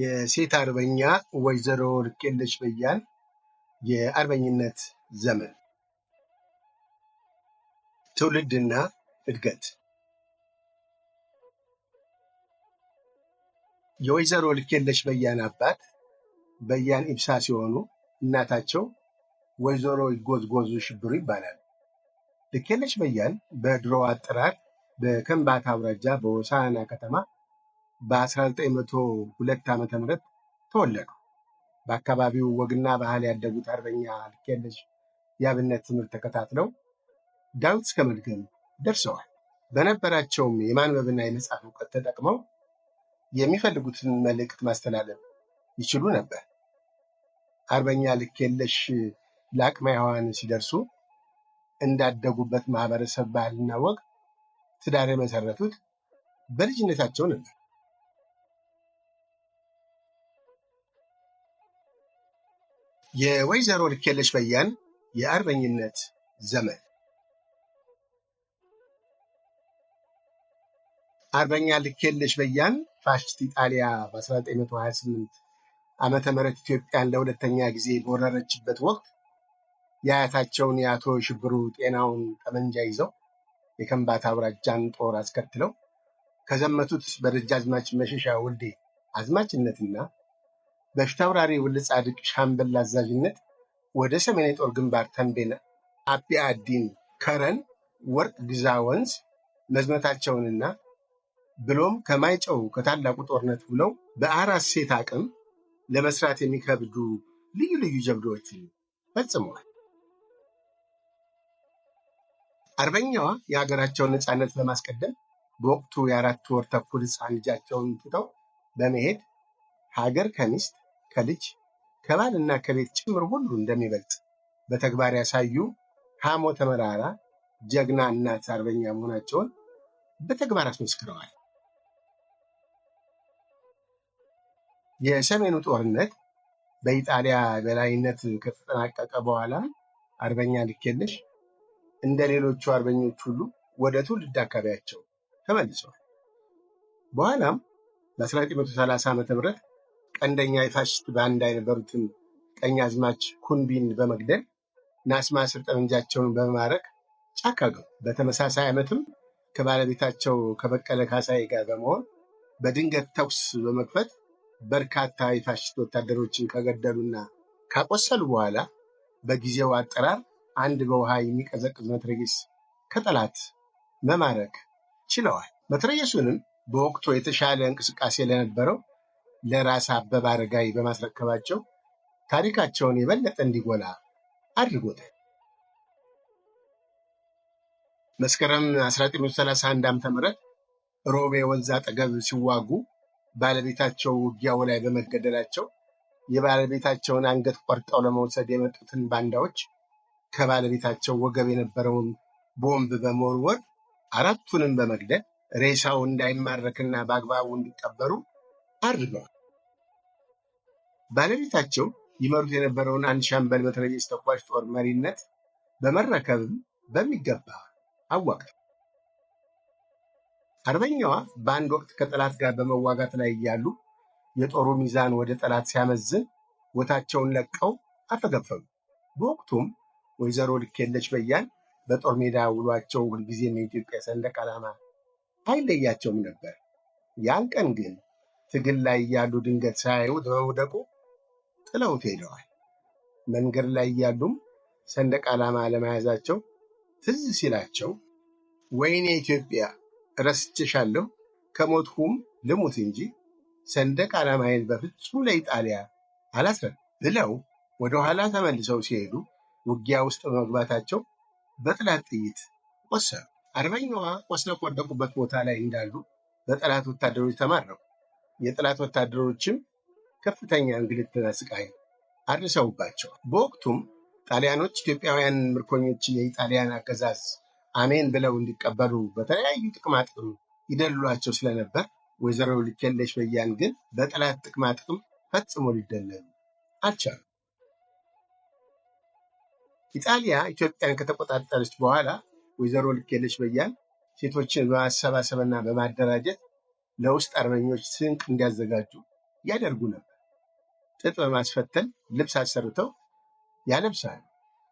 የሴት አርበኛ ወይዘሮ ልኬለች በያን የአርበኝነት ዘመን ትውልድና እድገት የወይዘሮ ልኬለች በያን አባት በያን ኢብሳ ሲሆኑ እናታቸው ወይዘሮ ይጎዝጎዙ ሽብሩ ይባላል። ወርቅነሽ በያን በድሮ አጠራር በከንባታ አውራጃ በወሳና ከተማ በ1902 ዓ ም ተወለዱ። በአካባቢው ወግና ባህል ያደጉት አርበኛ ልኬለሽ የአብነት ትምህርት ተከታትለው ዳዊት እስከ መድገም ደርሰዋል። በነበራቸውም የማንበብና የመጻፍ እውቀት ተጠቅመው የሚፈልጉትን መልእክት ማስተላለፍ ይችሉ ነበር። አርበኛ ልኬለሽ ለአቅመ ሔዋን ሲደርሱ እንዳደጉበት ማህበረሰብ ባህልና ወግ ትዳር የመሰረቱት በልጅነታቸው ነበር። የወይዘሮ ልኬለሽ በያን የአርበኝነት ዘመን አርበኛ ልኬለሽ በያን ፋሽስት ኢጣሊያ በ1928 ዓመተ ምህረት ኢትዮጵያን ለሁለተኛ ጊዜ በወረረችበት ወቅት የአያታቸውን የአቶ ሽብሩ ጤናውን ጠመንጃ ይዘው የከምባታ አውራጃን ጦር አስከትለው ከዘመቱት በደጃዝማች መሸሻ ወልዴ አዝማችነትና በሽታውራሪ ውልጻድቅ ሻምበል አዛዥነት ወደ ሰሜን የጦር ግንባር ተንቤን አቢ አዲን ከረን ወርቅ ግዛ ወንዝ መዝመታቸውንና ብሎም ከማይጨው ከታላቁ ጦርነት ብለው በአራት ሴት አቅም ለመስራት የሚከብዱ ልዩ ልዩ ጀብዶዎችን ፈጽመዋል። አርበኛዋ የሀገራቸውን ነፃነት ለማስቀደም በወቅቱ የአራት ወር ተኩል ህፃን ልጃቸውን ትተው በመሄድ ሀገር ከሚስት ከልጅ ከባልና ከቤት ጭምር ሁሉ እንደሚበልጥ በተግባር ያሳዩ ሃሞ ተመራራ ጀግና እናት አርበኛ መሆናቸውን በተግባር አስመስክረዋል። የሰሜኑ ጦርነት በኢጣሊያ በላይነት ከተጠናቀቀ በኋላ አርበኛ ልኬልሽ እንደ ሌሎቹ አርበኞች ሁሉ ወደ ትውልድ አካባቢያቸው ተመልሰዋል። በኋላም በ1930 ዓ.ም ቀንደኛ የፋሽስት ባንዳ የነበሩትን ቀኝ አዝማች ኩንቢን በመግደል ናስማስር ጠመንጃቸውን በመማረክ ጫካ ገቡ። በተመሳሳይ ዓመትም ከባለቤታቸው ከበቀለ ካሳዬ ጋር በመሆን በድንገት ተኩስ በመክፈት በርካታ የፋሽስት ወታደሮችን ከገደሉና ካቆሰሉ በኋላ በጊዜው አጠራር አንድ በውሃ የሚቀዘቅዝ መትረየስ ከጠላት መማረክ ችለዋል። መትረየሱንም በወቅቱ የተሻለ እንቅስቃሴ ለነበረው ለራስ አበበ አረጋይ በማስረከባቸው ታሪካቸውን የበለጠ እንዲጎላ አድርጎታል። መስከረም 1931 ም ሮቤ ወንዝ አጠገብ ሲዋጉ ባለቤታቸው ውጊያው ላይ በመገደላቸው የባለቤታቸውን አንገት ቆርጠው ለመውሰድ የመጡትን ባንዳዎች ከባለቤታቸው ወገብ የነበረውን ቦምብ በመወርወር አራቱንም በመግደል ሬሳው እንዳይማረክና በአግባቡ እንዲቀበሩ አድርገዋል። ባለቤታቸው ይመሩት የነበረውን አንድ ሻምበል በተለየች ተኳሽ ጦር መሪነት በመረከብም በሚገባ አዋቅት። አርበኛዋ በአንድ ወቅት ከጠላት ጋር በመዋጋት ላይ እያሉ የጦሩ ሚዛን ወደ ጠላት ሲያመዝን ቦታቸውን ለቀው አፈገፈሉ በወቅቱም ወይዘሮ ልኬለች በያን በጦር ሜዳ ውሏቸው ሁልጊዜም የኢትዮጵያ ሰንደቅ ዓላማ አይለያቸውም ነበር። ያን ቀን ግን ትግል ላይ እያሉ ድንገት ሳያዩት በመውደቁ ጥለውት ሄደዋል። መንገድ ላይ እያሉም ሰንደቅ ዓላማ ለመያዛቸው ትዝ ሲላቸው ወይኔ ኢትዮጵያ ረስቼሻለሁ፣ ከሞትኩም ልሙት እንጂ ሰንደቅ ዓላማዬን በፍጹም ለኢጣሊያ አላስረ ብለው ወደ ኋላ ተመልሰው ሲሄዱ ውጊያ ውስጥ በመግባታቸው በጠላት ጥይት ቆሰሉ። አርበኛዋ ቆስለው ከወደቁበት ቦታ ላይ እንዳሉ በጠላት ወታደሮች ተማረኩ። የጠላት ወታደሮችም ከፍተኛ እንግልትና ስቃይ አድርሰውባቸዋል። በወቅቱም ጣሊያኖች ኢትዮጵያውያን ምርኮኞች የኢጣሊያን አገዛዝ አሜን ብለው እንዲቀበሉ በተለያዩ ጥቅማጥቅም ይደሏቸው ስለነበር ወይዘሮ ልኬለሽ በያን ግን በጠላት ጥቅማጥቅም ፈጽሞ ሊደለሉ አልቻሉ። ኢጣሊያ ኢትዮጵያን ከተቆጣጠረች በኋላ ወይዘሮ ልኬለሽ በያን ሴቶችን በማሰባሰብና በማደራጀት ለውስጥ አርበኞች ስንቅ እንዲያዘጋጁ ያደርጉ ነበር። ጥጥ በማስፈተል ልብስ አሰርተው ያለብሳል።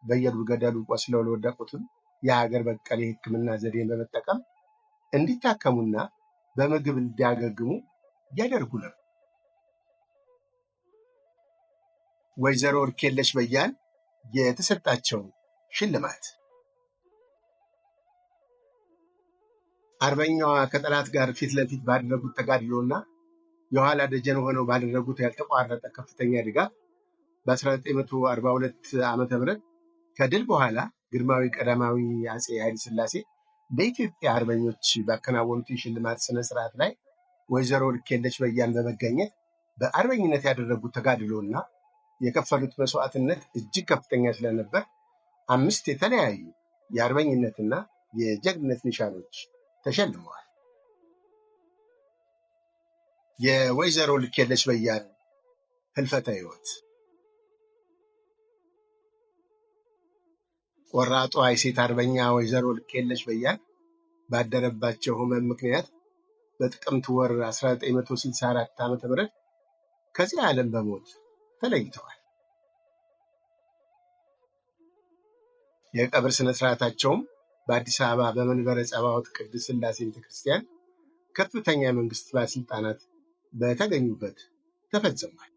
በየዱር ገደሉ ቆስለው ለወደቁትም የሀገር በቀል የሕክምና ዘዴን በመጠቀም እንዲታከሙና በምግብ እንዲያገግሙ ያደርጉ ነበር። ወይዘሮ እርኬለሽ በያን የተሰጣቸው ሽልማት አርበኛዋ ከጠላት ጋር ፊት ለፊት ባደረጉት ተጋድሎና የኋላ ደጀን ሆነው ባደረጉት ያልተቋረጠ ከፍተኛ ድጋፍ በ1942 ዓ ም ከድል በኋላ ግርማዊ ቀዳማዊ አፄ ስላሴ በኢትዮጵያ አርበኞች ባከናወኑት የሽልማት ስነስርዓት ላይ ወይዘሮ ልኬለች በያን በመገኘት በአርበኝነት ያደረጉት ተጋድሎና የከፈሉት መስዋዕትነት እጅግ ከፍተኛ ስለነበር አምስት የተለያዩ የአርበኝነትና የጀግንነት ኒሻኖች ተሸልመዋል። የወይዘሮ ልኬለች በያን ህልፈተ ህይወት ቆራጧ የሴት አርበኛ ወይዘሮ ልኬለች በያን ባደረባቸው ህመም ምክንያት በጥቅምት ወር 1964 ዓ ም ከዚህ ዓለም በሞት ተለይተዋል። የቀብር ስነ ስርዓታቸውም በአዲስ አበባ በመንበረ ጸባዖት ቅድስት ስላሴ ቤተክርስቲያን ከፍተኛ የመንግስት ባለስልጣናት በተገኙበት ተፈጽሟል።